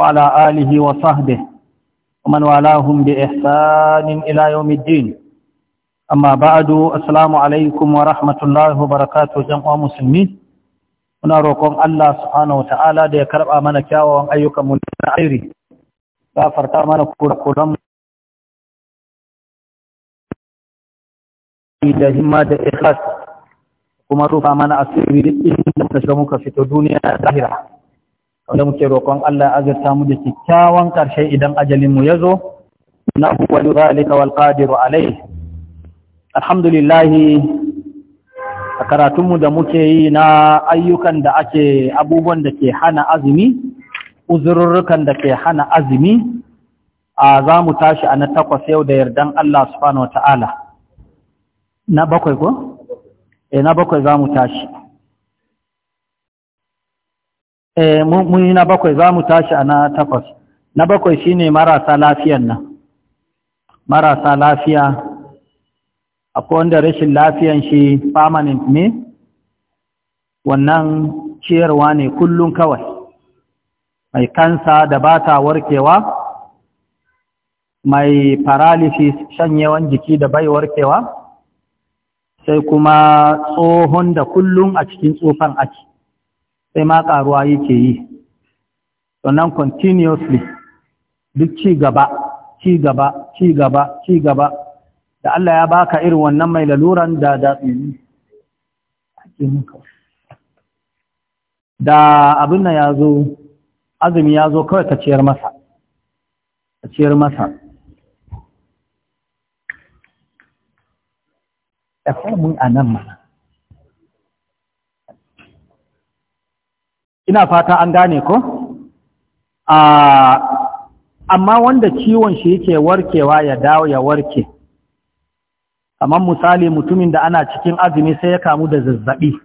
وعلى آله وصحبه ومن والاهم بإحسان إلى يوم الدين أما بعد السلام عليكم ورحمة الله وبركاته جمع مسلمين ونروكم الله سبحانه وتعالى دي كرب آمنا كاوة أيك ملتنا عيري لا فرطا من كورا قدم جهما دي إخلاص كما روفا من أسيري إن تشرموك في الدنيا ظاهرة wanda muke roƙon Allah ya azurta mu da kyakkyawan ƙarshe idan ajalin mu yazo na wani zalika wal qadiru alayhi alhamdulillah a karatun mu da muke yi na ayyukan da ake abubuwan da ke hana azumi uzururukan da ke hana azumi a za mu tashi a na takwas yau da yardan Allah subhanahu wa ta'ala na bakwai ko? e na bakwai za mu tashi Eh, mun yi na bakwai za mu tashi a na takwas na bakwai shine marasa lafiyan nan marasa lafiya akwai wanda rashin lafiyan shi permanent ne wannan ciyarwa ne kullum kawai mai kansa da ba ta warkewa mai paralysis shanyewan jiki da bai warkewa sai kuma tsohon da kullum a cikin tsofan ake sai ma ƙaruwa yake yi sannan continuously duk ci gaba ci gaba ci gaba ci gaba da Allah ya baka irin wannan mai laluran da da da abin nan ya zo azumi ya zo kawai ka ciyar masa ka ciyar masa da mun a nan mana ina fata an gane ko amma wanda ciwon shi yake warkewa ya dawo ya warke kamar misali mutumin da ana cikin azumi sai ya kamu da zazzabi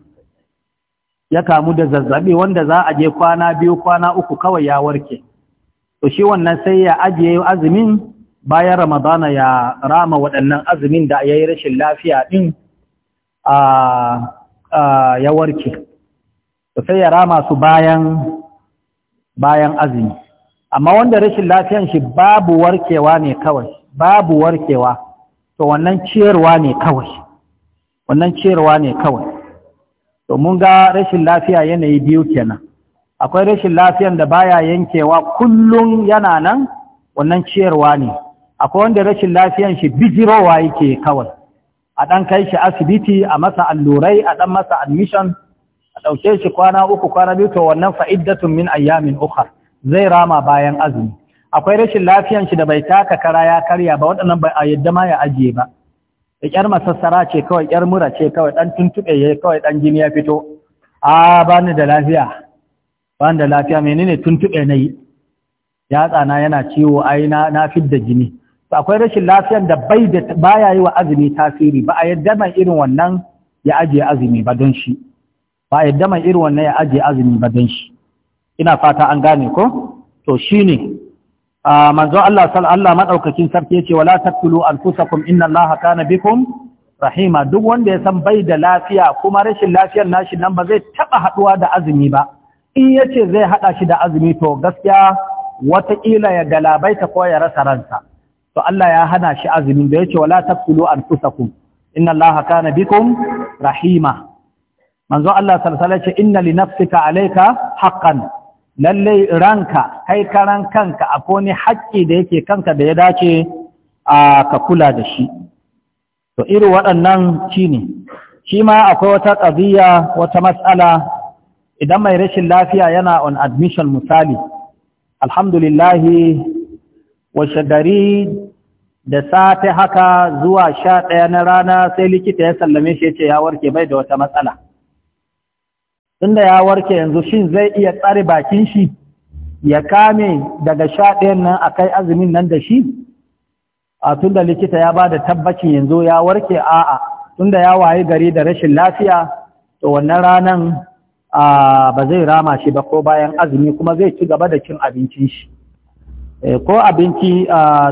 ya kamu da zazzabi wanda za a je kwana biyu kwana uku kawai ya warke to shi wannan sai ya ajiye azumin bayan ramadana ya rama waɗannan azumin da ya yi rashin lafiya ɗin ya warke sai ya rama su bayan bayan azumi amma wanda rashin lafiyan shi babu warkewa ne kawai babu warkewa to wannan ciyarwa ne kawai wannan ciyarwa ne kawai to mun ga rashin lafiya yanayi biyu kenan akwai rashin lafiyan da baya yankewa kullum yana nan wannan ciyarwa ne akwai wanda rashin lafiyan shi bijirowa yake kawai a ɗan kai shi asibiti a masa allurai a ɗan masa admission a ɗauke shi kwana uku kwana biyu to wannan fa'iddatun min ayyamin ukhar zai rama bayan azumi akwai rashin lafiyan shi da bai taka kara ya karya ba waɗannan ba a yadda ma ya ajiye ba da ƙyar masassara ce kawai ƙyar mura ce kawai ɗan tuntuɓe ya kawai ɗan jini ya fito a ba ni da lafiya ba ni da lafiya menene tuntuɓe na yi ya tsana yana ciwo ai na na fidda jini To akwai rashin lafiyan da bai da baya yi wa azumi tasiri ba a yadda mai irin wannan ya ajiye azumi ba don shi ba yadda mai irin wannan ya ajiye azumi ba don shi ina fata an gane ko to shi ne. a manzo Allah sallallahu madaukakin sarki yace wala taqtulu anfusakum inna na kana bikum rahima duk wanda ya san bai da lafiya kuma rashin lafiyar nashi nan ba zai taɓa haɗuwa da azumi ba in yace zai haɗa shi da azumi to gaskiya wataƙila ya galabaita ko ya rasa ransa to Allah ya hana shi azumi da yace wala taqtulu anfusakum inna Allaha kana bikum rahima manzo Allah sallallahu alaihi inna li nafsika alayka haqqan lalle ranka kai karan kanka akwai haƙƙi da yake kanka da ya dace a ka kula da shi to irin waɗannan shine shi ma akwai wata qadiya wata mas'ala idan mai rashin lafiya yana on admission misali alhamdulillah washe gari da safe haka zuwa sha ɗaya na rana sai likita ya sallame shi ya ce ya warke bai da wata matsala tunda ya warke yanzu shin zai iya tsare bakin shi ya kame daga sha ɗayan nan a kai azumin nan da shi a tunda likita ya ba da tabbacin yanzu ya warke a'a tunda ya wayi gari da rashin lafiya to wannan ranan ba zai rama shi ba ko bayan azumi kuma zai ci gaba da cin abincin shi e, ko abinci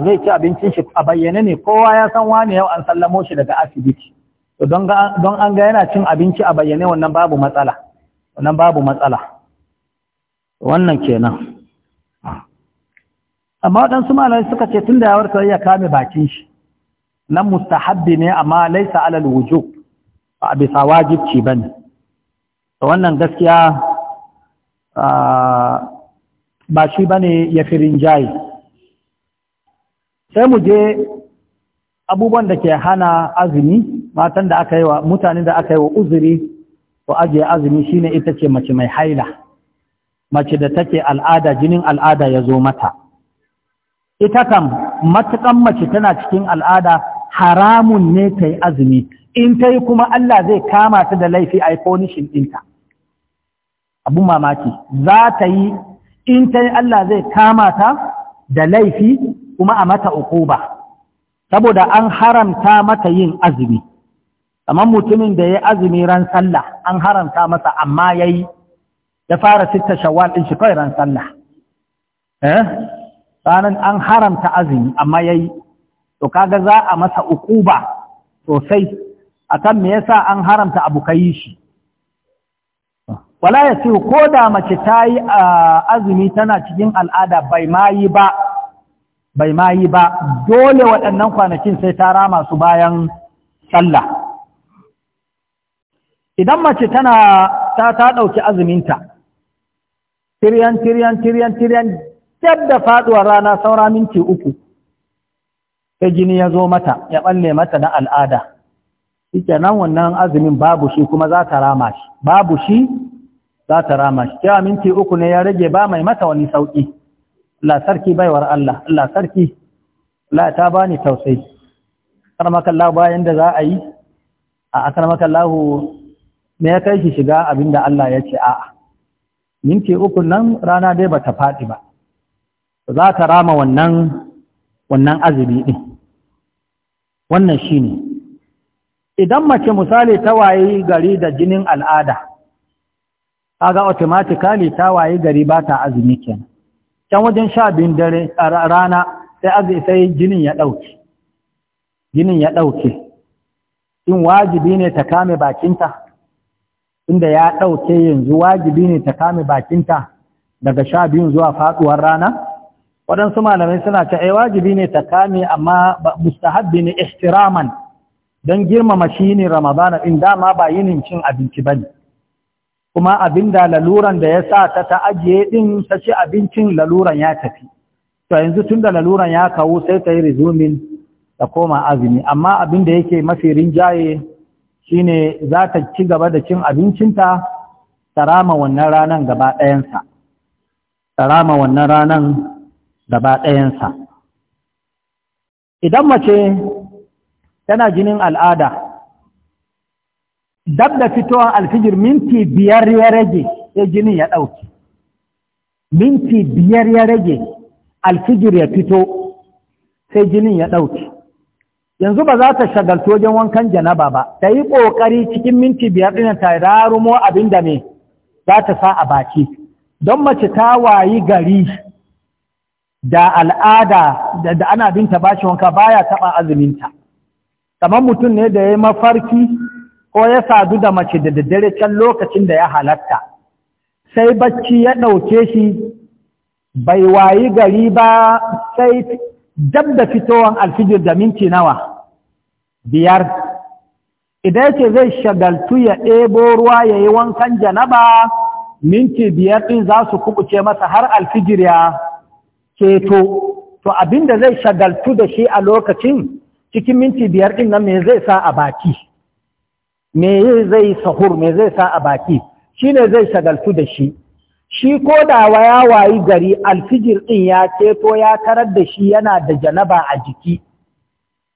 zai ci abincin shi a bayyane ne kowa ya san wani yau an sallamo shi daga asibiti don an ga yana cin abinci a bayyane wannan babu matsala wannan babu matsala wannan kenan amma waɗansu malai suka ce tun da ya warkar ya kame bakin shi nan mustahabbi ne amma laisa alal wujub ba a bisa wajibci ba ne wannan gaskiya ba shi ba ne ya fi rinjaye sai mu je abubuwan da ke hana azumi matan da aka yi wa mutane da aka yi wa uzuri ko ajiye azumi shine ita ce mace mai haila mace da take al'ada jinin al'ada ya zo mata ita kam matukan mace tana cikin al'ada haramun ne ta yi azumi in ta yi kuma Allah zai kama ta da laifi a ikonishin ɗinta abin mamaki za ta yi in ta yi Allah zai kama ta da laifi kuma a mata ba, saboda an haramta mata yin azumi kamar mutumin da ya azumi ran sallah an haramta masa amma ya yi ya fara sitta shawal ɗin shi kawai ran sallah eh ranar an haramta azumi amma ya yi to kaga za a masa ukuba sosai akan me yasa an haramta abu yi shi wala ya ce ko da mace ta yi azumi tana cikin al'ada bai ma yi ba bai ma yi ba dole waɗannan kwanakin sai ta rama su bayan sallah idan mace tana ta ta ɗauki azuminta tiryan tiryan tiryan tiryan yadda faɗuwar rana saura minti uku sai jini ya zo mata ya ɓalle mata na al'ada ike nan wannan azumin babu shi kuma za ta rama shi babu shi za ta rama shi cewa minti uku ne ya rage ba mai mata wani sauƙi Allah sarki baiwar Allah Allah sarki Allah ta bani tausayi karmakallahu bayan da za a yi a akarmakallahu me ya kai shi shiga abinda Allah ya ce a'a minti uku nan rana dai bata faɗi ba za ta rama wannan wannan azumi din. wannan shine idan mace misali ta wayi gari da jinin al'ada kaga automatically ta wayi gari ba ta azumi kenan can wajen sha biyun dare rana sai azumi sai jinin ya ɗauke jinin ya ɗauke in wajibi ne ta kame bakinta inda ya ɗauke yanzu wajibi ne ta kame bakinta daga sha biyun zuwa faɗuwar rana waɗansu malamai suna ta ai eh, wajibi ne ta kame amma mustahabbi ne ihtiraman don girmama shi ne ramadana in dama ba yinin cin abinci ba ne kuma abin da laluran da ya sa ta ta ajiye ɗin ta ci abincin laluran ya tafi to yanzu tun da laluran ya kawo sai ta yi rizumin ta koma azumi amma abin da yake mafi rinjaye shine za ta ci gaba da cin abincinta tarama wannan ranan gaba ɗayansa tarama wannan ranan gaba ɗayansa idan mace tana jinin al'ada dab da fitowar alfijir minti biyar ya rage ya jinin ya ɗauki minti biyar ya rage alfijir ya fito sai jinin ya ɗauki yanzu ba za ta shagaltu wajen wankan janaba ba ta yi ƙoƙari cikin minti biyar ɗin ta rarumo abin da me za ta sa a baki don mace ta wayi gari da al'ada da ana binta bashi wanka baya taɓa azuminta kamar mutum ne da ya yi mafarki ko ya sadu da mace da daddare can lokacin da ya halatta sai bacci ya ɗauke shi bai wayi gari ba sai dab da fitowar alfijir da minti nawa biyar idan yake zai shagaltu ya ɗebo ruwa ya yi wankan janaba minti biyar ɗin za su kubuce masa har alfijir ya ceto to abinda zai shagaltu da shi a lokacin cikin minti biyar ɗin nan me zai sa a baki me zai sahur me zai sa a baki shi ne zai shagaltu da shi shi ko da ya wayi gari alfijir ɗin ya ceto ya tarar da shi yana da janaba a jiki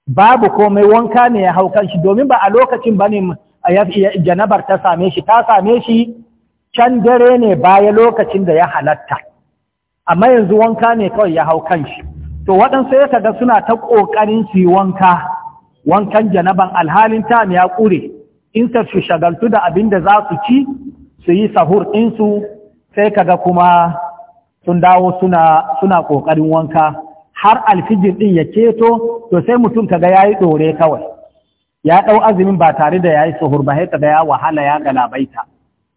babu komai wanka ne ya haukan shi domin ba a lokacin ba ne janabar ta same shi ta same shi can dare ne baya lokacin da ya halatta amma yanzu wanka ne kawai ya haukan shi to waɗansu ya kaga suna ta ƙoƙarin su yi wanka wankan janaban alhalin ta ya ƙure in su shagaltu da abin da za su ci su yi sahur ɗinsu sai kaga kuma sun dawo suna suna ƙoƙarin wanka har alfijir ɗin ya keto to sai mutum kaga yayi ɗore kawai ya ɗau azumin ba tare da yayi suhur ba sai kaga ya wahala ya galabaita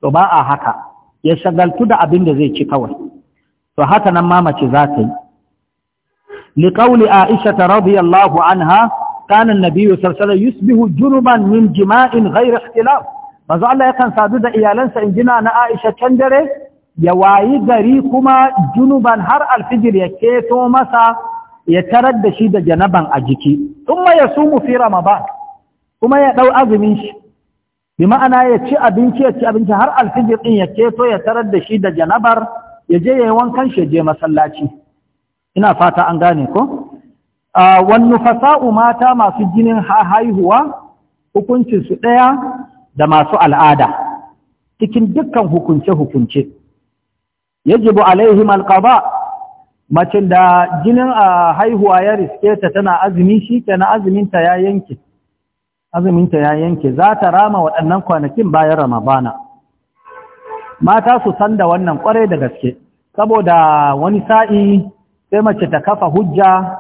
to ba a haka ya shagaltu da abin da zai ci kawai to haka nan ma mace za ta yi liqauli aisha radiyallahu anha kana an-nabiy sallallahu alaihi wasallam yusbihu junuban min jima'in ghayr ikhtilaf manzo Allah yakan sadu da iyalansa injina na Aisha can dare ya wayi gari kuma junuban har alfijir ya keto masa ya tarar da shi da janaban a jiki kuma ya sumu fi ramadan kuma ya dau azumin shi bi ma'ana ya ci abinci ya ci abinci har alfijir ɗin ya keto ya tarar da shi da janabar ya je ya wankan shi ya je masallaci ina fata an gane ko wannu nufasa'u mata masu jinin haihuwa hukuncin su ɗaya da masu al'ada cikin dukkan hukunce-hukunce yajibu alaihim alqada macin da jinin a haihuwa ya riske ta tana azumi shi ke azumin ta ya yanke azumin za ta rama waɗannan kwanakin bayan ramadana mata su san da wannan kwarai da gaske saboda wani sa'i sai mace ta kafa hujja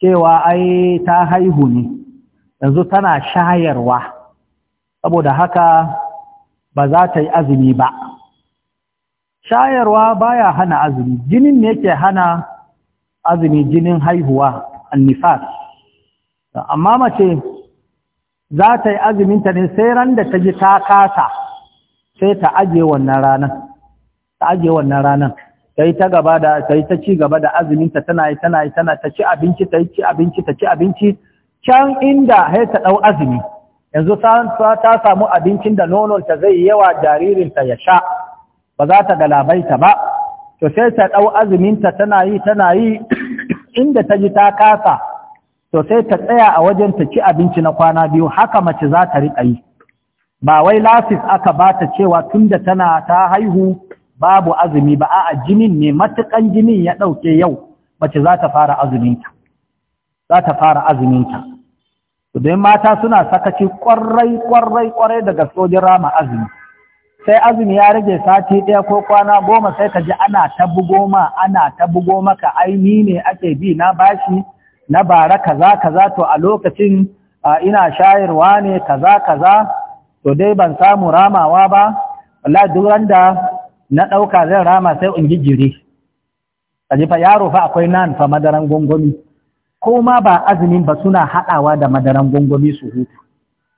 cewa ai ta haihu ne yanzu tana shayarwa saboda haka ba za ta yi azumi ba shayarwa baya hana azumi jinin ne yake hana azumi jinin haihuwa annifas amma mace za ta yi azuminta ne sai ran da ta ji ta kasa sai ta aje wannan ranar ta aje wannan ranar ta yi ta gaba da ta yi ta ci gaba da azuminta tana yi tana yi tana ta ci abinci ta yi ci abinci ta ci abinci can inda sai ta ɗau azumi yanzu ta samu abincin da nonon ta zai yawa jaririnta ya sha ba za ta galabaita ba to sai ta ɗau azuminta tana yi tana yi inda ta ji ta kasa to sai ta tsaya a wajen ta ci abinci na kwana biyu haka mace za ta riƙa yi ba wai lafis aka ba ta cewa tunda tana ta haihu babu azumi ba a'a jinin ne matukan jinin ya ɗauke yau mace za ta fara azuminta za ta fara azuminta domin mata suna sakaci ƙwarai ƙwarai ƙwarai daga sojin rama azumi sai azumi ya rage sati ɗaya ko kwana goma sai ka ji ana ta bugo ma ana ta bugo maka aini ne ake bi na bashi na bara kaza kaza to a lokacin ina shayarwa ne kaza kaza to dai ban samu ramawa ba wallahi duk randa na ɗauka zai rama sai in gijire kaji fa yaro fa akwai nan fa madaran gongomi ko ma ba azumin ba suna haɗawa da madaran gongomi su hutu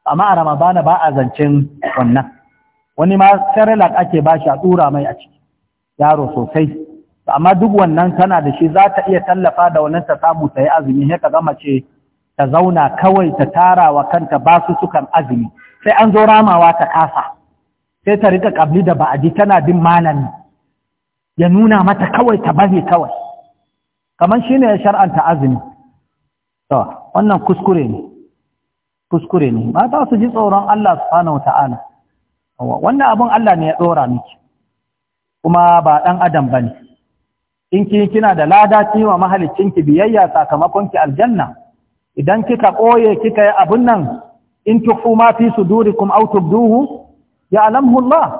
amma a ramadana ba a zancen wannan wani ma cerelac ake bashi a tsura mai a ciki yaro sosai amma duk wannan tana da shi za ta iya tallafa da wannan ta samu ta yi azumi sai ka gama ce ta zauna kawai ta tara wa kanta basu su sukan azumi sai an zo ramawa ta kasa sai ta rika kabli da ba'adi tana bin malami ya nuna mata kawai ta bari kawai kamar shine ya shar'anta azumi to wannan kuskure ne kuskure ne mata su ji tsoron Allah subhanahu wataala wannan abin Allah ne ya tsora miki kuma ba ɗan adam ba ne in ki kina da lada ki wa mahalicinki biyayya sakamakonki, aljanna idan kika ɓoye kika yi abin nan in tuhu ma fi sudurikum aw tubduhu ya'lamhu Allah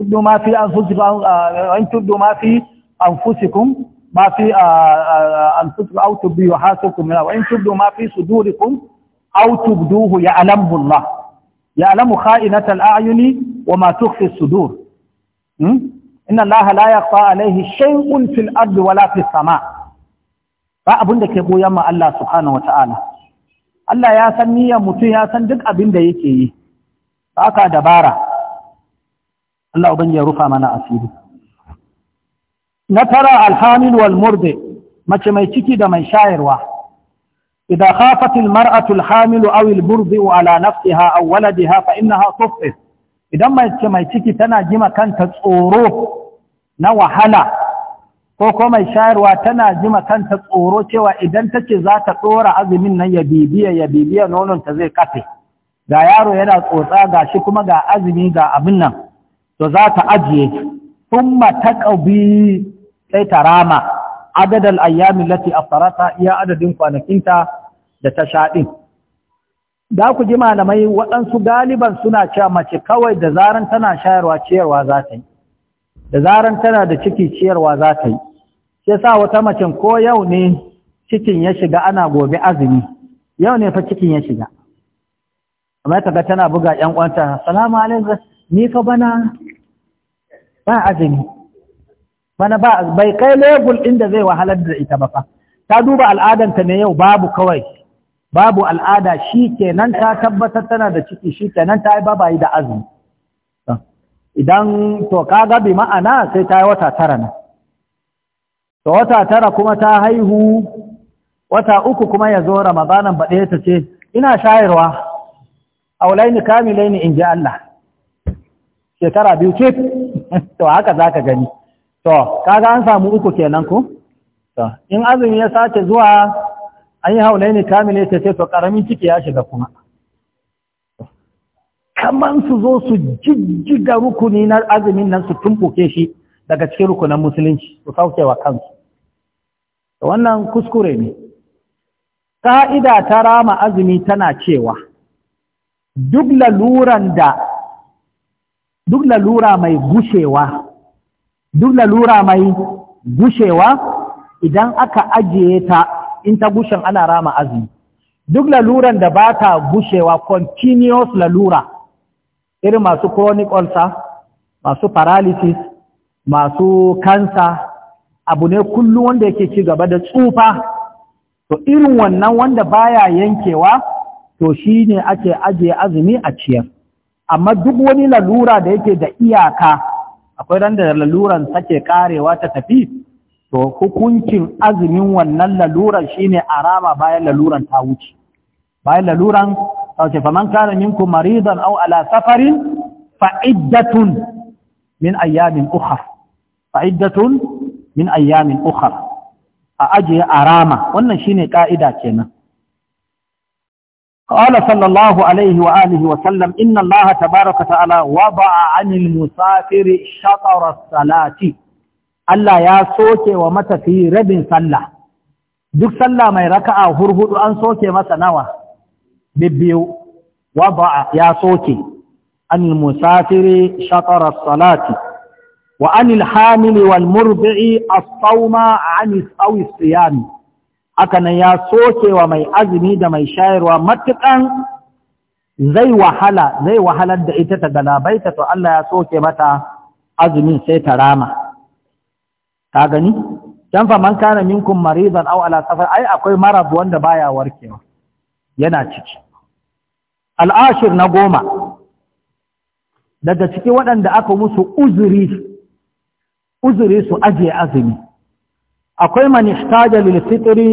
tubdu ma fi anfusikum uh, tubdu ma fi anfusikum ma fi uh, uh, anfusikum aw tubdu wa in tubdu ma fi sudurikum aw tubduhu Allah يعلم خائنة الأعين وما تخفي الصدور إن الله لا يخفى عليه شيء في الأرض ولا في السماء فأبن لك يقول يما الله سبحانه وتعالى الله يا سني يا متي يا سندق أبن ديك فأكا دبارة الله أبن يرفع منا أسير نترى الحامل والمرض ما كما يتكي دمي شائر واحد إذا خافت المرأة الحامل أو البرضع على نفسها أو ولدها فإنها تفطر idan mai ciki tana gima kanta tsoro na wahala ko ko mai shayarwa tana gima kanta tsoro cewa idan ta ce za ta ɗora azumin nan ya bibiya ya bibiya nononta zai kafe ga yaro yana tsotsa ga shi kuma ga azumi ga abin nan to za ta ajiye sun mataƙabi sai ta rama adadal ayyami lati farata iya adadin kwanakinta da ta shaɗin. Da ku ji malamai waɗansu galiban suna cewa mace kawai da zaran tana shayarwa ciyarwa za ta yi, da zaran tana da ciki ciyarwa za ta yi, sai sa wata macen ko yau ne cikin ya shiga ana gobe azumi, yau ne fa cikin ya shiga. Amma ta ga tana buga ‘yan kwanta, salamu alaikum, ni fa bana ba azumi. bana ba bai kai lebul inda zai wahalar da ita ba fa ta duba al'adanta ne yau babu kawai babu al'ada shi kenan ta tabbatar tana da ciki shi kenan ta yi babayi da azumi idan to ka bi ma'ana sai ta yi wata tara na to wata tara kuma ta haihu wata uku kuma ya zo ramadanan ɗaya ta ce ina shayarwa aulaini kamilaini in ji Allah shekara biyu ce to haka zaka gani to kaga an samu uku kenan ko to in azumi ya sace zuwa an yi ne kamile ta ce to karamin ciki ya shiga kuma kaman su zo su jijjiga rukuni na azumin nan su tumbuke shi daga cikin rukunan musulunci su sauke wa kansu wannan kuskure ne ka'ida ta rama azumi tana cewa duk da duk lalura mai gushewa duk lalura mai gushewa idan aka ajiye ta in ta gushen ana rama azumi duk laluran da ba ta gushewa continuous lalura irin masu chronic ulcer masu paralysis masu kansa abu ne kullum wanda yake ci gaba da tsufa to irin wannan wanda baya yankewa to shine ake ajiye azumi a ciyar amma duk wani lalura da yake da iyaka akwai ran da laluran sake karewa ta tafi to hukuncin azumin wannan laluran shine arama bayan laluran ta wuce bayan laluran ta wuce faman kana minkum maridan aw ala safarin fa iddatun min ayyamin ukhra fa iddatun min ayyamin ukhra a ajiye arama wannan shine ka'ida kenan قال صلى الله عليه وآله وسلم إن الله تبارك وتعالى وضع عن المسافر شطر الصلاة ألا يا ياسوك ومتى في رب صلى دك صلى ما يركع هرهد أن ومتى نوى ببيو وضع يا ياسوك عن المسافر شطر الصلاة وعن الحامل والمربع الصوم عن أو الصيام Hakanan nan ya wa mai azumi da mai shayarwa matukan zai wahala zai wahalar da ita ta galabaita to Allah ya soke mata azumin sai ta rama ka gani dan fa man kana minkum maridan aw ala safar ai akwai marabu wanda baya warkewa yana ciki al'ashir na goma daga ciki waɗanda aka musu uzuri uzuri su ajiye azumi akwai man ihtaja lil fitri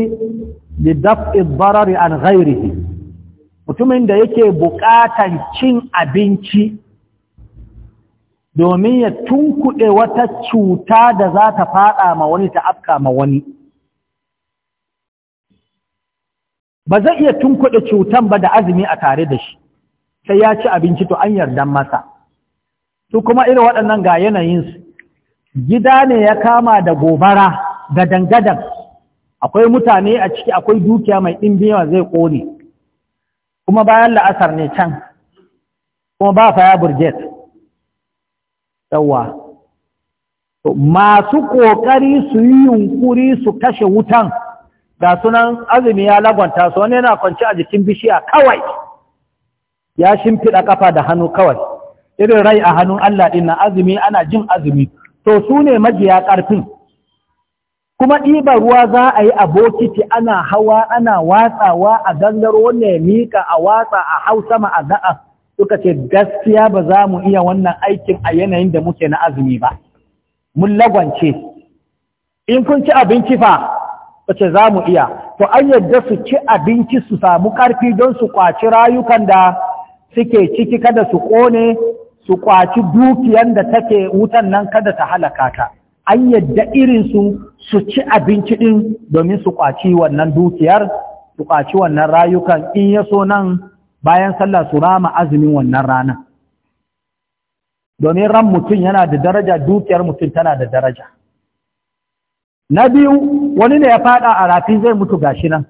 li daf'i darari an ghairihi mutumin da yake buƙatan cin abinci domin ya tunkuɗe wata cuta da za ta faɗa ma wani ta afka ma wani ba zai iya tunkuɗe cutan ba da azumi a tare da shi sai ya ci abinci to an yarda masa su kuma irin waɗannan ga yanayinsu gida ne ya kama da gobara gadan-gadan akwai mutane a ciki akwai dukiya mai ɗimbiyawa zai ƙone kuma bayan la'asar ne can kuma ba ya burjet yawa masu ƙoƙari su yi yunƙuri su kashe wutan ga sunan azumi ya lagwanta su wani yana kwanci a jikin bishiya kawai ya shimfiɗa ƙafa da hannu kawai irin rai a hannun Allah ɗin na azumi ana jin azumi to su ne majiya ƙarfin kuma ɗiba ruwa za a yi a bokiti ana hawa ana watsawa a gangaro wannan ya miƙa a watsa a hau sama a za'a suka ce gaskiya ba za mu iya wannan aikin a yanayin da muke na azumi ba mun lagwance in kun ci abinci fa ce za mu iya to an yadda su ci abinci su samu ƙarfi don su kwaci rayukan da suke ciki kada su ƙone su kwaci dukiyan da take wutan nan kada ta halaka ta an yadda irinsu su ci abinci ɗin domin su ƙwaci wannan dukiyar su ƙwaci wannan rayukan in ya so nan bayan sallah su rama azumin wannan rana domin ran mutum yana da daraja dukiyar mutum tana da daraja na biyu wani ne ya faɗa a rafi zai mutu gashi nan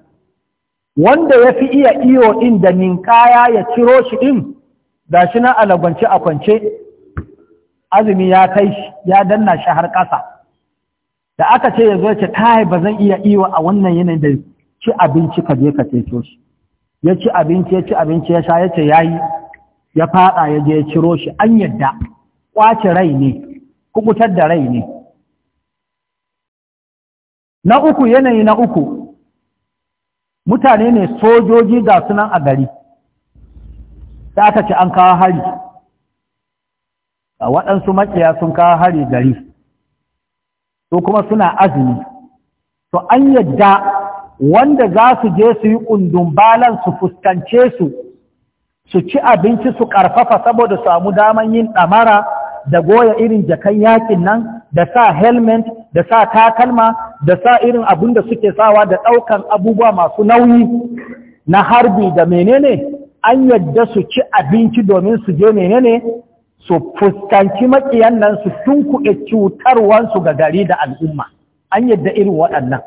wanda ya fi iya iyo ɗin da ninkaya ya ciro shi ɗin gashi nan a lagwance a kwance azumi ya kai shi ya danna shi har ƙasa da aka ce yanzu ya ce kai ba zan iya iwa a wannan yanayin da ci abinci ka je ka ceto shi ya ci abinci ya ci abinci ya sha ya ce yayi ya fada ya je ya ciro shi an yadda kwace rai ne kubutar da rai ne na uku yanayi na uku mutane ne sojoji ga sunan a gari da aka ce an kawo hari a waɗansu maƙiya sun kawo hari gari To kuma suna azumi to an yadda wanda za su je su yi ƙundumbalan su fuskance su su ci abinci su ƙarfafa saboda samu daman yin ɗamara da goya irin jakan yakin nan da sa helmet da sa takalma da sa irin abin da suke sawa da ɗaukan abubuwa masu nauyi na harbi da menene an yadda su ci abinci domin su je menene su fuskanci maƙiyan nan su tunkuɗe cutarwansu ga gari da al'umma an yadda irin waɗannan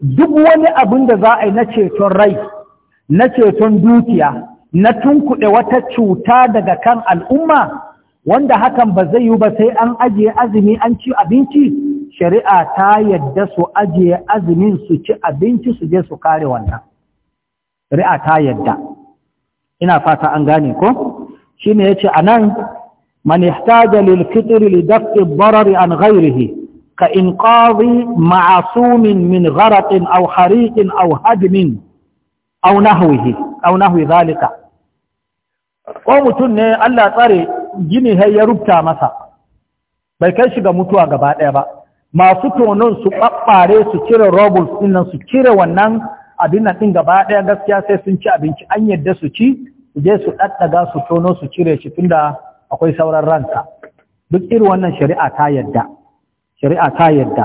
duk wani abin da za a yi na ceton rai na ceton dukiya na tunkuɗe wata cuta daga kan al'umma wanda hakan ba zai yi ba sai an ajiye azumi an ci abinci shari'a ta yadda su ajiye azumin su ci abinci su je su kare wannan shari'a ta yadda ina fata an gane ko? shi ne ya ce a nan man ihtaja lil fitri li barari an ghairihi ka in qadi ma'asumin min gharaqin au hariqin au hadmin aw nahwihi zalika ko mutum ne Allah tsare gini hai ya rubuta masa bai kai shi ga mutuwa gaba ɗaya ba masu tonon su ɓaɓɓare su cire robles ɗin su cire wannan abin nan ɗin gaba ɗaya gaskiya sai sun ci abinci an yadda su ci je su ɗaɗɗaga su tono su cire shi tunda akwai sauran ranka duk irin wannan shari'a ta yadda shari'a ta yadda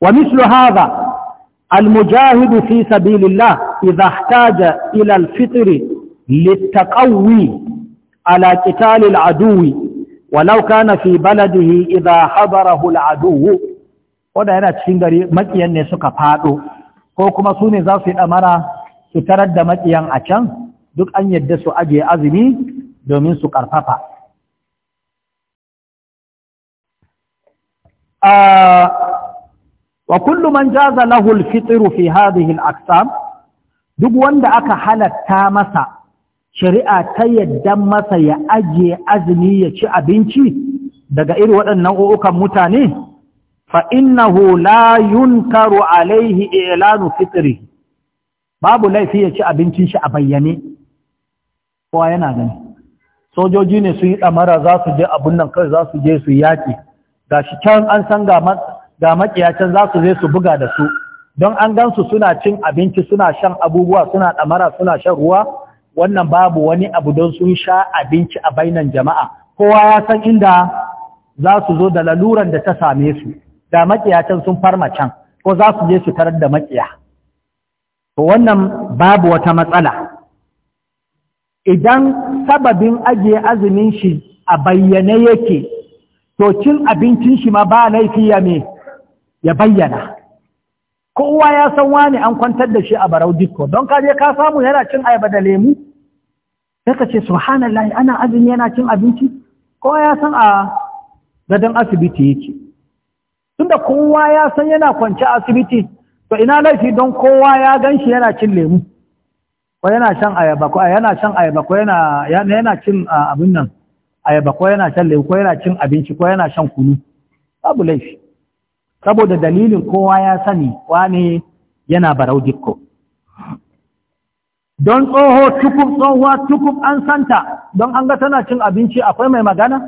wa mislu hadha المجاهد fi sabilillah الله إذا ilal إلى الفطر ala على قتال walau kana fi في بلده إذا حضره wanda yana cikin gari makiyan ne suka fado ko kuma su ne za su yi damara su tarar da makiyan a can duk an yadda su ajiye azumi domin su ƙarfafa. wa kullum an jaza lahu al fi hadhihi aksam duk wanda aka halatta masa shari'a ta yadda masa ya ajiye azumi ya ci abinci daga irin waɗannan ukan mutane fa innahu la yunkaru alaihi i'lanu fitri babu laifi ya ci abincin shi a bayyane kowa yana gani sojoji ne su yi ɗamara za su je abun nan kawai za su je su yaƙi ga shi can an san ga maƙiyacin za su je su buga da su don an gansu suna cin abinci suna shan abubuwa suna ɗamara suna shan ruwa wannan babu wani abu don sun sha abinci a bainan jama'a kowa ya san inda za su zo da laluran da ta same su ga maƙiyacin sun farma can ko za su je su tarar da maƙiya to wannan babu wata matsala idan sababin ajiye azumin shi a bayyane yake to cin abincin shi ma ba laifi ya me ya bayyana kowa ya san wani an kwantar da shi a barau dikko don ka je ka samu yana cin ayaba da lemu sai ka ce subhanallah ana azumi yana cin abinci kowa ya san a gadon asibiti yake tunda kowa ya san yana kwance asibiti to ina laifi don kowa ya gan shi yana cin lemu ko yana shan ayaba ko yana shan ayaba ko yana yana cin abin nan ayaba ko yana shan lemu ko yana cin abinci ko yana shan kunu babu laifi saboda dalilin kowa ya sani wani yana barau dikko don tsoho tukub tsohuwa tukub an santa don an ga tana cin abinci akwai mai magana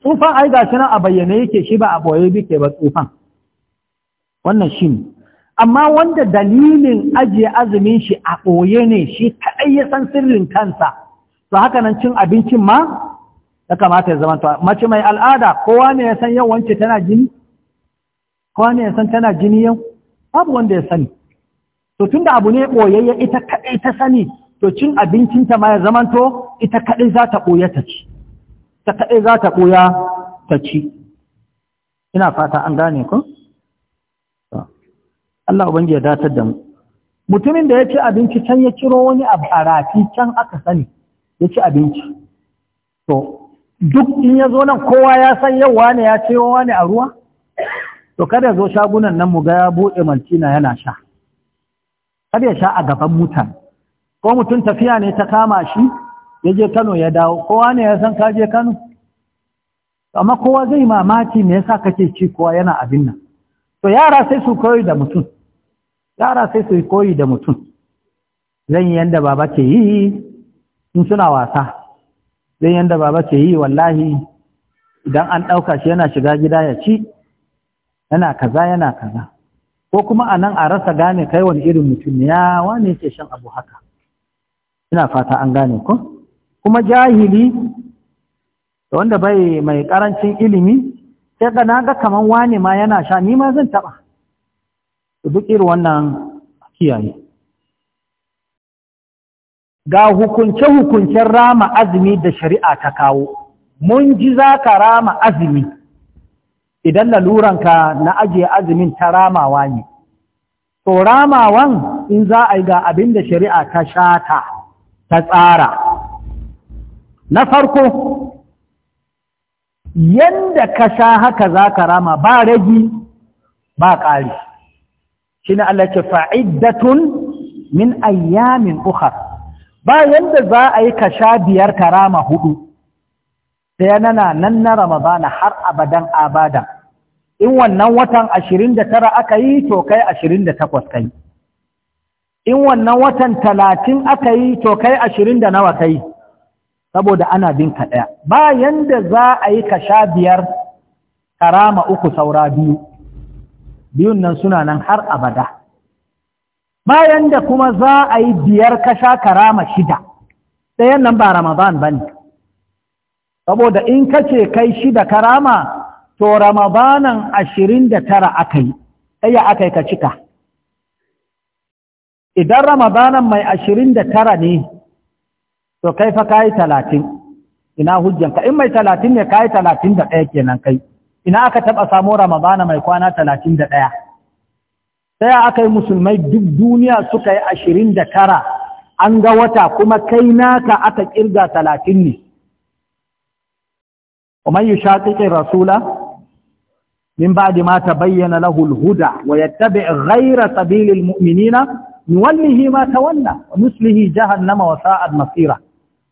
tsufan ai shi nan a bayyane yake shi ba a boye bike ba tsufan wannan shi ne amma wanda dalilin ajiye azumin shi a ɓoye ne shi kaɗai ya san sirrin kansa to haka nan cin abincin ma ya kamata ya zama to mace mai al'ada kowa ne ya san yau wance tana jini kowa ne ya san tana jini yau babu wanda ya sani to tunda abu ne ɓoyayya ita kaɗai ta sani to cin abincinta ma ya zama to ita kaɗai za ta ɓoya ta ci ta kaɗai za ta ɓoya ta ci ina fata an gane ku Allah ubangi ya datar da mu mutumin da ya ci abinci can ya ciro wani abu a rafi can aka sani ya ci abinci to duk in ya zo nan kowa ya san yau wane ya ce wane a ruwa to kada zo shagunan nan mu ga ya buɗe maltina yana sha kada ya sha a gaban mutan. ko mutum tafiya ne ta kama shi ya je Kano ya dawo kowa ne ya san ka je Kano amma kowa zai mamaki me yasa kake ci kowa yana abin nan to yara sai su koyi da mutum yara sai su koyi da mutum zan yi yadda baba ke yi in suna wasa zan yadda baba ke yi wallahi idan an ɗauka shi yana shiga gida ya ci yana kaza yana kaza ko kuma a nan a rasa gane kai wani irin mutum ya wane yake shan abu haka ina fata an gane ko kuma jahili wanda bai mai karancin ilimi sai ga na ga kaman wane ma yana sha ni ma zan taɓa duk irin wannan kiyaye ga hukunce-hukuncen rama azumi da shari'a ta kawo mun ji za ka rama azumi idan laluranka na ajiye azumin ta ramawa ne to ramawan in za a yi ga abin da shari'a ta shata ta tsara na farko yanda ka sha haka za ka rama ba ragi ba ƙari shi ne Allah ce fa'iddatun min ayyamin ukhar ba yanda za a yi ka sha biyar karama hudu sai nana nan na ramadana har abadan abada, in wannan watan ashirin da tara aka yi to kai ashirin da takwas kai in wannan watan talatin aka yi to kai ashirin da nawa kai saboda ana bin ka ɗaya ba da za a yi ka sha biyar karama uku saura biyu biyun nan suna nan har abada bayan da kuma za a yi biyar kasha karama shida ɗayan nan ba ramadan ba ne saboda in ka ce kai shida karama to ramadanan ashirin da tara aka yi ɗaya aka yi ka cika idan ramadanan mai ashirin da tara ne to kai fa ka yi talatin ina hujjanka in mai talatin ne ka yi talatin da ɗaya kenan kai ina aka taɓa samo Ramadana mai kwana talatin da ɗaya. Sai aka yi musulmai duk duniya suka yi ashirin da tara an ga wata kuma kai naka aka ƙirga talatin ne. Umar yi shaƙiƙe Rasula, min ba da mata bayyana lahul huda wa raira taɓa ghaira sabilil mu'minina, ni wallihi mata wannan, muslihi jahannama wa sa'ad masira.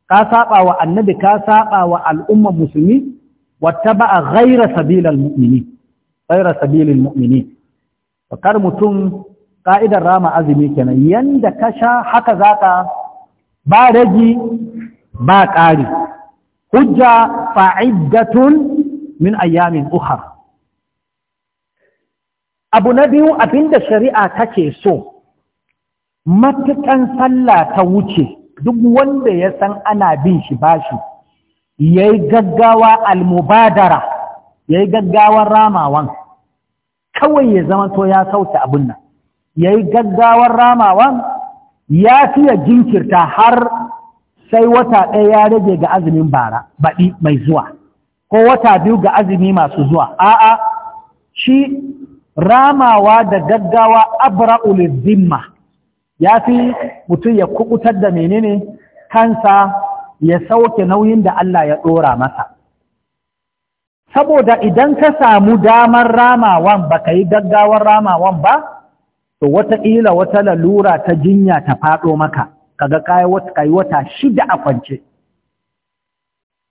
Ka saɓa wa annabi, ka saɓa wa al'ummar musulmi, wattaba'a ghayra sabilil mu'minin ghayra sabilil mu'minin kar mutum ka'idar rama azumi kenan yanda ka sha haka zaka ba ragi ba ƙari hujja fa'iddatun min ayyamin ukhra abu na biyu abinda shari'a take so matukan sallah ta wuce duk wanda ya san ana bin shi bashi Yayi gaggawa almubadara ya yi gaggawar ramawan kawai ya zama to ya sauta abin nan ya yi gaggawar ramawan ya fiye jinkirta har sai wata ɗaya ya rage ga azumin bara baɗi mai zuwa ko wata biyu ga azumi masu zuwa a'a shi ramawa da gaggawa abra'ul zimma ya fi mutum ya kubutar da menene kansa ya sauke nauyin da Allah ya ɗora masa. Saboda idan ka samu damar ramawan ba ka yi gaggawar ramawan ba, to wataƙila wata lalura ta jinya ta faɗo maka, kaga ga yi wata shida a kwance.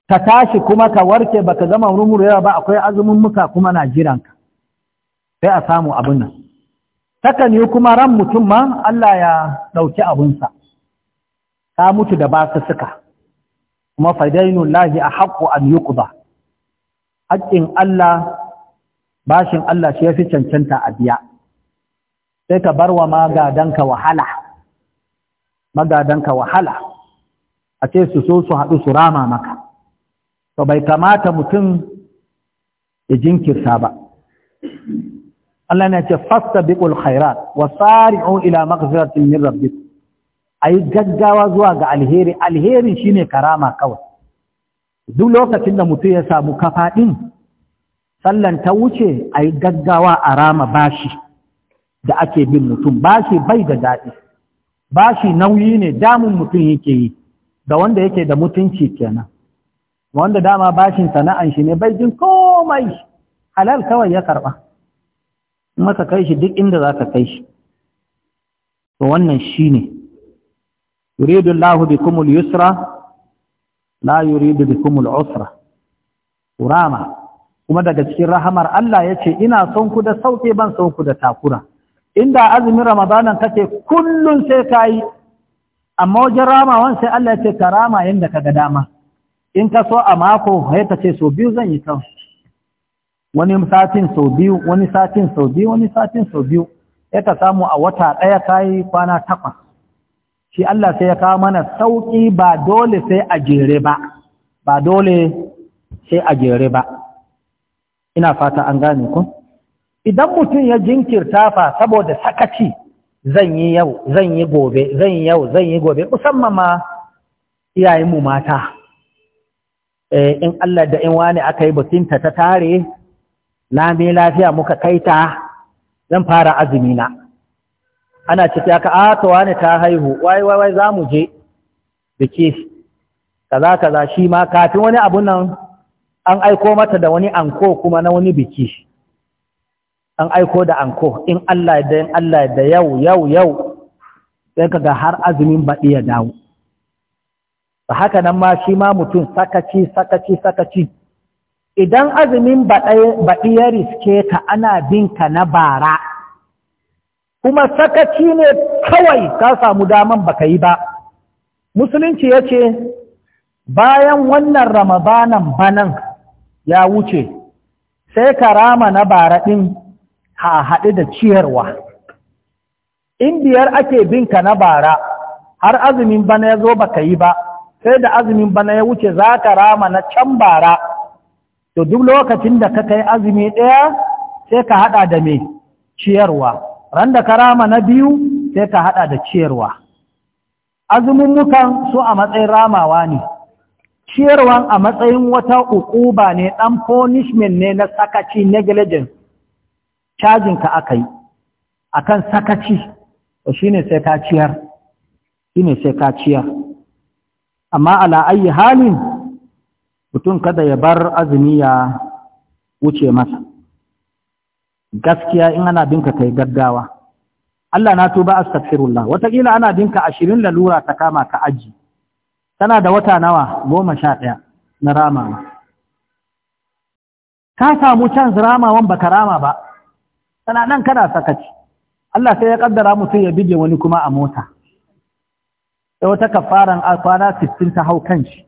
Ka tashi kuma ka warke ba ka gama yawa ba akwai azumin muka kuma na jiranka, sai a samu abin nan. takan yi kuma ran mutum ma Allah ya ɗauki abinsa, ta mutu da ba su suka. kuma fadainu lahi a haƙo an yi ƙuba haƙƙin Allah bashin Allah shi ya fi cancanta a biya sai ka bar wa magadanka wahala magadanka wahala a ce su so su haɗu su rama maka to bai kamata mutum ya jinkirta ba Allah na ce fasta biƙul khairat wa tsari'u ila maghfiratin min rabbikum a yi gaggawa zuwa ga alheri alherin shine karama kawai duk lokacin da mutum ya samu kafaɗin, ɗin sallan ta wuce a yi gaggawa a rama bashi da ake bin mutum bashi bai da daɗi bashi nauyi ne damun mutum yake yi da wanda yake da mutunci kenan wanda dama bashin sana'an shi ne bai jin komai halal kawai ya karɓa maka kai shi duk inda za ka kai shi to wannan shi ne يريد الله بكم اليسرى لا يريد بكم العسرى وراما usra urama daga cikin rahamar Allah yace ina son ku da sauke ban son ku da takura inda azumin ramadanan kake kullun sai kai amma wajen ramawan sai Allah yace karama yanda ka ga dama in ka so a mako sai ka ce so biyu zan yi ta wani satin so biyu wani satin so biyu wani satin so biyu ya ka samu a wata daya kai kwana takwas shi Allah sai ya kawo mana sauƙi ba dole sai a jere ba ba dole sai a jere ba ina fata an gane ku idan mutum ya jinkirta fa saboda sakaci zan yi yau zan yi gobe zan yi yau zan yi gobe musamman ma iyayenmu mata eh, in Allah da in wani aka yi batinta ta tare lami lafiya muka kaita zan fara azumina ana ciki aka aka wani ta haihu wai wai wai za mu je biki kaza kaza shi ma kafin wani abun nan an aiko mata da wani anko kuma na wani biki an aiko da anko in Allah da dai Allah da yau yau yau sai kaga har azumin baɗi ya dawo haka nan ma shi ma mutum sakaci sakaci sakaci idan azumin baɗi ya riske ka ana bin ka na bara kuma sakaci ne kawai ka samu daman baka yi ba musulunci ya ce bayan wannan ramadanan banan ya wuce sai ka rama na baraɗin ha haɗu da ciyarwa in biyar ake ka na bara har azumin bana ya zo baka yi ba sai da azumin bana ya wuce za ka rama na can bara to duk lokacin da ka kai azumi ɗaya sai ka haɗa da mai ciyarwa ran da karama na biyu sai ka haɗa da ciyarwa azumin mukan su a matsayin ramawa ne Ciyarwa a matsayin wata ukuba ne ɗan punishment ne na sakaci negligence cajin ka aka yi akan sakaci shine sai ka ciyar shine sai ka ciyar amma ala ayi halin mutum kada ya bar azumi ya wuce masa gaskiya in ana binka kai gaggawa Allah na tuba astaghfirullah wataƙila ana binka ashirin lalura ta kama ka aji tana da wata nawa goma sha ɗaya na rama ka samu can ramawan baka rama ba tana nan kana sakaci Allah sai ya kaddara mutum ya bige wani kuma a mota sai wata kafaran kwana 60 ta hau kanshi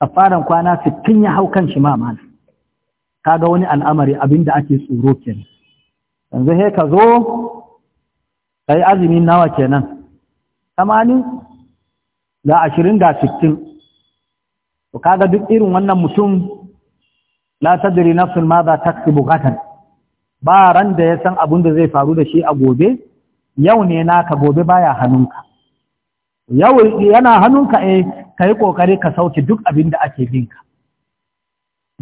kafaran kwana 60 ya hau kanshi ma kaga wani al'amari abinda ake tsoro kenan yanzu he ka zo kai azumi nawa kenan tamanin da ashirin da sittin to kaga duk irin wannan mutum la tadri nafsun ma za taksibu gatan ba ran da ya san abin da zai faru da shi a gobe yau ne naka gobe baya hannunka yau yana hannunka eh kai kokari ka sauke duk abin da ake binka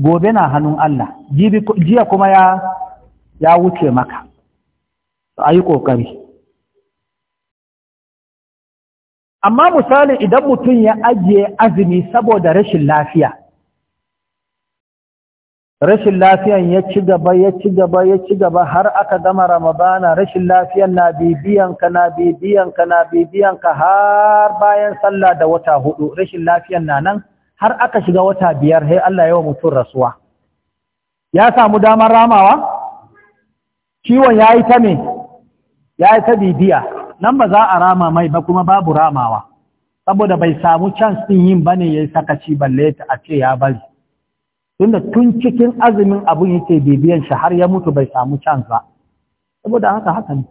gobe na hannun Allah jiya kuma ya ya wuce maka a yi ƙoƙari amma misali idan mutum ya ajiye azumi saboda rashin lafiya rashin lafiyan ya ci gaba ya ci gaba ya ci gaba har aka gama ramadana rashin lafiyan na bibiyanka na bibiyanka na bibiyanka har bayan sallah da wata hudu rashin lafiyan na nan har aka shiga wata biyar sai Allah wa mutum rasuwa ya samu damar ramawa ciwon ya yi ta ne, ya yi ta bibiya nan ba za a rama mai ba kuma babu ramawa saboda bai samu chance din yin ya yi sakaci balle ta a ce ya bari tunda tun cikin azumin abun yake bibiyan shi har ya mutu bai samu chance ba saboda haka haka ne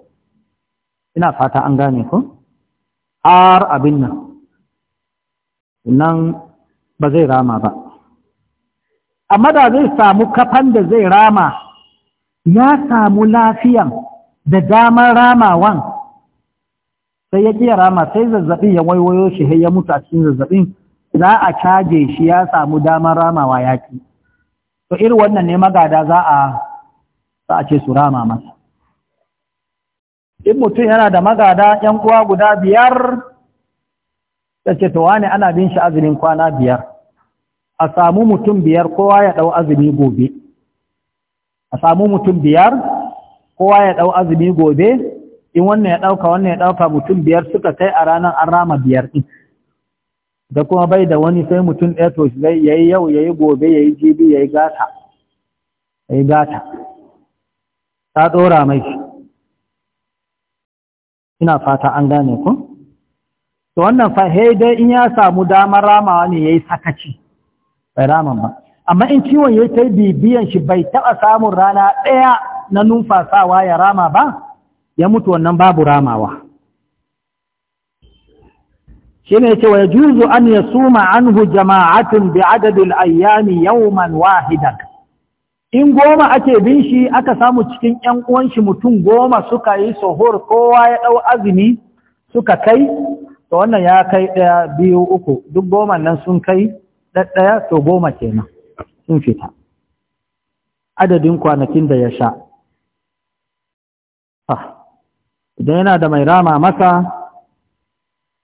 ina fata an gane ku har abin nan nan ba zai rama ba amma da zai samu kafan da zai rama ya samu lafiyan da damar ramawan sai ya kiya rama sai zazzaɓin ya waiwayo shi ya mutu a cikin zazzaɓin za a caje shi ya samu damar ramawa ya to irin wannan ne magada za a ce su rama masa in mutum yana da magada ‘yan uwa guda biyar da ce to wani ana bin shi azumin kwana biyar a samu mutum biyar kowa ya ɗau azumi gobe a samu mutum biyar kowa ya ɗau azumi gobe in wannan ya ɗauka wannan ya ɗauka mutum biyar suka kai a ranar an rama biyar ɗin da kuma bai da wani sai mutum ɗaya to zai yi yau ya yi gobe ya yi jibi yi gata yi gata ta ɗora mai ina fata an gane ku to wannan fa dai in ya samu damar ramawa ne ya yi sakaci bai ba amma in ciwon ya ta bibiyan shi bai taɓa samun rana ɗaya na numfasawa ya rama ba ya mutu wannan babu ramawa shi ne cewa ya juzu an ya suma an anhu jama'atun bi adadin ayyami yawman wahidan in goma ake bin shi aka samu cikin ‘yan uwan shi mutum goma suka yi sohor kowa ya ɗau azumi suka kai to wannan ya kai ɗaya biyu uku duk goma nan sun kai ɗaɗɗaya to goma kenan sun fita adadin kwanakin da ya sha ah, idan yana da mai rama masa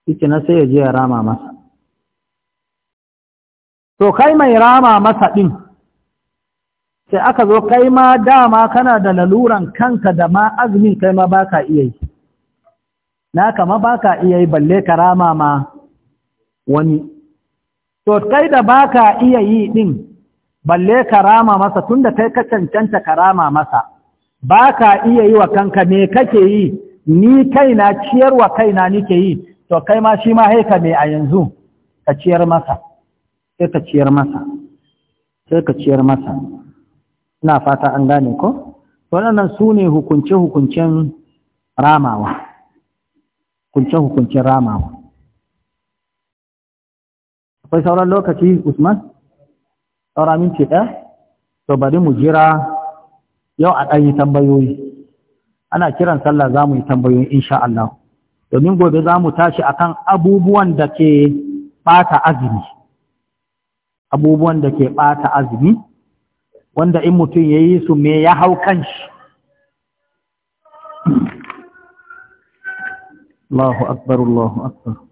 ita na sai ya je ya rama masa to kai mai rama masa ɗin sai aka zo kai ma dama kana da laluran kanka da ma azumin kai ma baka iya yi na kama baka iya yi balle ka rama ma wani to kai da baka iya yi din balle karama masa tunda kai ka cancanta karama masa baka iya yi wa kanka me kake yi ni kaina ciyarwa kaina nike yi to kai ma shi ma haika me a yanzu ka ciyar masa sai ka ciyar masa sai ka ciyar masa ina fata an gane ko waɗannan su ne hukunce-hukuncen ramawa hukunce-hukuncen ramawa akwai sauran lokaci usman saura minti ɗaya to bari mu jira yau a ɗanyi tambayoyi ana kiran sallah za mu yi tambayoyi insha Allah domin gobe za mu tashi akan abubuwan da ke ɓata azumi abubuwan da ke ɓata azumi wanda in mutum ya yi su me ya hau kanshi Allahu akbar Allahu akbar